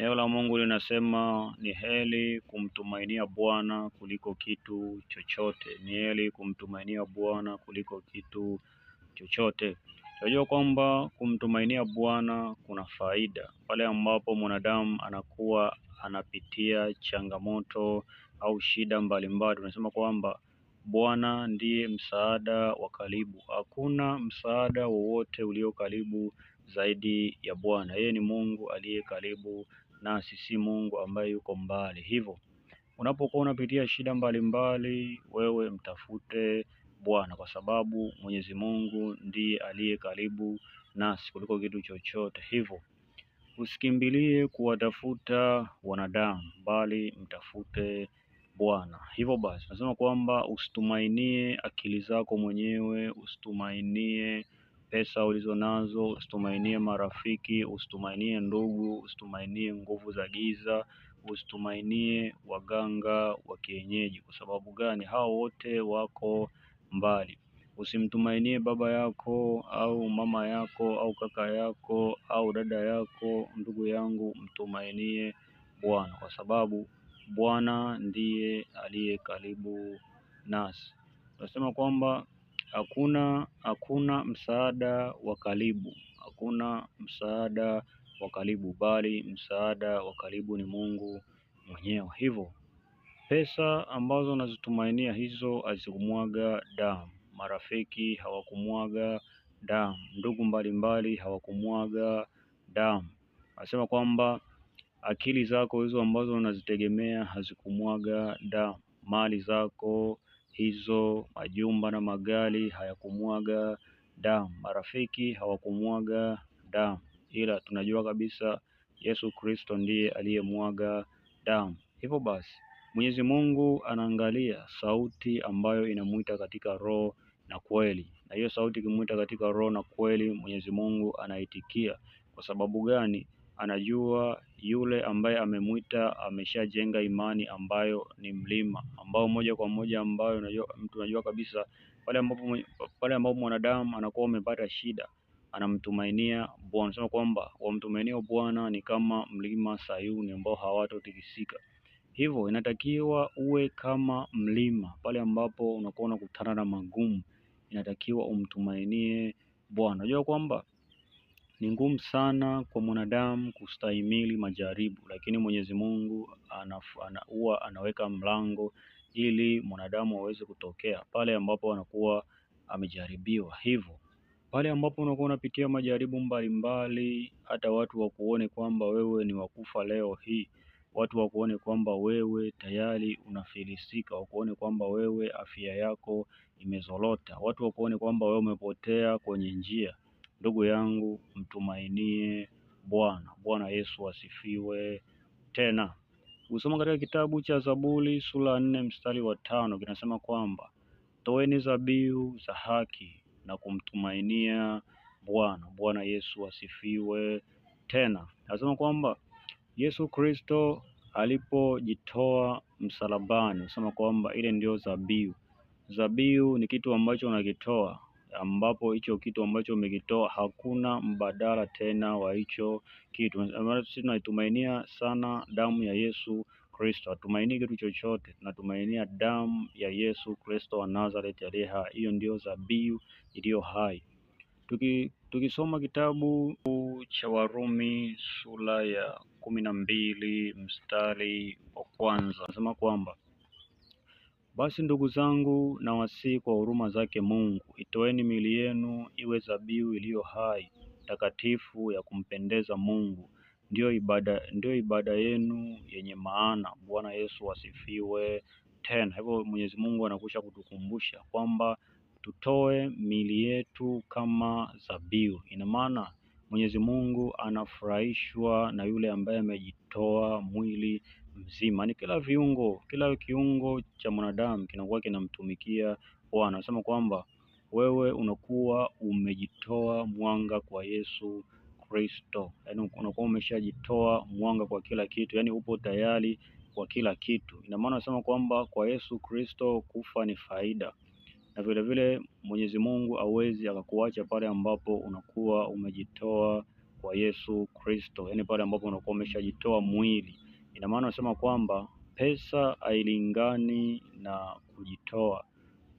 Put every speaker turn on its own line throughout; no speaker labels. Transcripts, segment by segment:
Neno la Mungu linasema ni heri kumtumainia Bwana kuliko kitu chochote, ni heri kumtumainia Bwana kuliko kitu chochote. Tunajua kwamba kumtumainia Bwana kuna faida pale ambapo mwanadamu anakuwa anapitia changamoto au shida mbalimbali. Tunasema kwamba Bwana ndiye msaada wa karibu, hakuna msaada wowote ulio karibu zaidi ya Bwana. Yeye ni Mungu aliye karibu nasi si Mungu ambaye yuko mbali. Hivyo unapokuwa unapitia shida mbalimbali mbali, wewe mtafute Bwana kwa sababu Mwenyezi Mungu ndiye aliye karibu nasi kuliko kitu chochote. Hivyo usikimbilie kuwatafuta wanadamu, bali mtafute Bwana. Hivyo basi, nasema kwamba usitumainie akili zako mwenyewe, usitumainie pesa ulizonazo, usitumainie marafiki, usitumainie ndugu, usitumainie nguvu za giza, usitumainie waganga wa kienyeji. Kwa sababu gani? Hao wote wako mbali. Usimtumainie baba yako au mama yako au kaka yako au dada yako. Ndugu yangu, mtumainie Bwana kwa sababu Bwana ndiye aliye karibu nasi. Tunasema kwamba hakuna hakuna msaada wa karibu hakuna msaada wa karibu bali msaada wa karibu ni Mungu mwenyewe. Hivyo pesa ambazo unazitumainia hizo hazikumwaga damu, marafiki hawakumwaga damu, ndugu mbalimbali hawakumwaga damu. Anasema kwamba akili zako hizo ambazo unazitegemea hazikumwaga damu, mali zako hizo, majumba na magari hayakumwaga damu, marafiki hawakumwaga damu, ila tunajua kabisa Yesu Kristo ndiye aliyemwaga damu. Hivyo basi Mwenyezi Mungu anaangalia sauti ambayo inamwita katika roho na kweli, na hiyo sauti ikimwita katika roho na kweli, Mwenyezi Mungu anaitikia. Kwa sababu gani? anajua yule ambaye amemwita ameshajenga imani ambayo ni mlima ambao moja kwa moja ambayo unajua, mtu unajua kabisa pale ambapo pale ambapo mwanadamu anakuwa amepata shida anamtumainia Bwana. Anasema kwamba wamtumainia Bwana ni kama mlima Sayuni ambao hawatotikisika. Hivyo inatakiwa uwe kama mlima pale ambapo unakuwa unakutana na magumu, inatakiwa umtumainie Bwana. Unajua kwamba ni ngumu sana kwa mwanadamu kustahimili majaribu, lakini Mwenyezi Mungu huwa anaweka mlango ili mwanadamu aweze kutokea pale ambapo anakuwa amejaribiwa. Hivyo pale ambapo unakuwa unapitia majaribu mbalimbali, hata watu wakuone kwamba wewe ni wakufa leo hii, watu wakuone kwamba wewe tayari unafilisika, wakuone kwamba wewe afya yako imezorota, watu wakuone kwamba wewe umepotea kwenye njia. Ndugu yangu, mtumainie Bwana. Bwana Yesu asifiwe. Tena usoma katika kitabu cha Zaburi sura nne mstari wa tano kinasema kwamba toeni zabihu za haki na kumtumainia Bwana. Bwana Yesu asifiwe. Tena nasema kwamba Yesu Kristo alipojitoa msalabani, nasema kwamba ile ndio zabihu. Zabihu ni kitu ambacho unakitoa ambapo hicho kitu ambacho umekitoa hakuna mbadala tena wa hicho kitu. Sisi tunaitumainia sana damu ya Yesu Kristo, hatumainii kitu chochote, tunatumainia damu ya Yesu Kristo wa Nazareth aliye hai. Hiyo ndio zabiu iliyo hai. Tuki, tukisoma kitabu cha Warumi sura ya kumi na mbili mstari wa kwanza nasema kwamba basi ndugu zangu, nawasihi kwa huruma zake Mungu, itoeni miili yenu iwe dhabihu iliyo hai, takatifu, ya kumpendeza Mungu, ndiyo ibada, ndiyo ibada yenu yenye maana. Bwana Yesu asifiwe. Tena hivyo Mwenyezi Mungu anakusha kutukumbusha kwamba tutoe miili yetu kama dhabihu. Ina maana Mwenyezi Mungu anafurahishwa na yule ambaye amejitoa mwili mzima, ni kila viungo, kila kiungo cha mwanadamu kinakuwa kinamtumikia Bwana. Anasema kwamba wewe unakuwa umejitoa mwanga kwa Yesu Kristo, yaani unakuwa umeshajitoa mwanga kwa kila kitu, yaani upo tayari kwa kila kitu. Ina maana anasema kwamba kwa Yesu Kristo kufa ni faida, na vile vile Mwenyezi Mungu hawezi akakuacha pale ambapo unakuwa umejitoa kwa Yesu Kristo, yaani pale ambapo unakuwa umeshajitoa mwili Ina maana unasema kwamba pesa hailingani na kujitoa,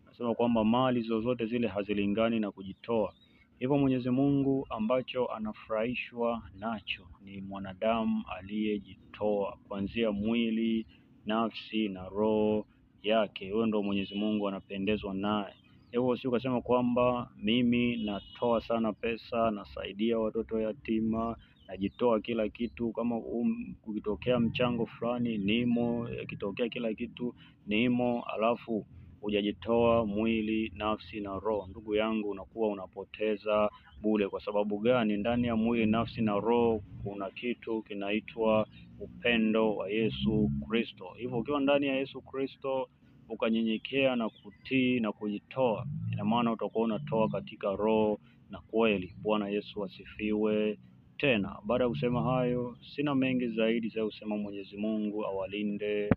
unasema kwamba mali zozote zile hazilingani na kujitoa. Hivyo Mwenyezi Mungu ambacho anafurahishwa nacho ni mwanadamu aliyejitoa kuanzia mwili, nafsi na roho yake. Huyo ndio Mwenyezi Mungu anapendezwa naye. Hivyo si ukasema kwamba mimi natoa sana pesa, nasaidia watoto yatima, najitoa kila kitu, kama um, ukitokea mchango fulani nimo, ikitokea kila kitu nimo, alafu hujajitoa mwili, nafsi na roho, ndugu yangu, unakuwa unapoteza bure. Kwa sababu gani? Ndani ya mwili, nafsi na roho kuna kitu kinaitwa upendo wa Yesu Kristo. Hivyo ukiwa ndani ya Yesu Kristo ukanyenyekea na kutii na kujitoa, ina maana utakuwa unatoa katika roho na kweli. Bwana Yesu asifiwe. Tena baada ya kusema hayo, sina mengi zaidi ya kusema. Mwenyezi Mungu awalinde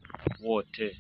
wote.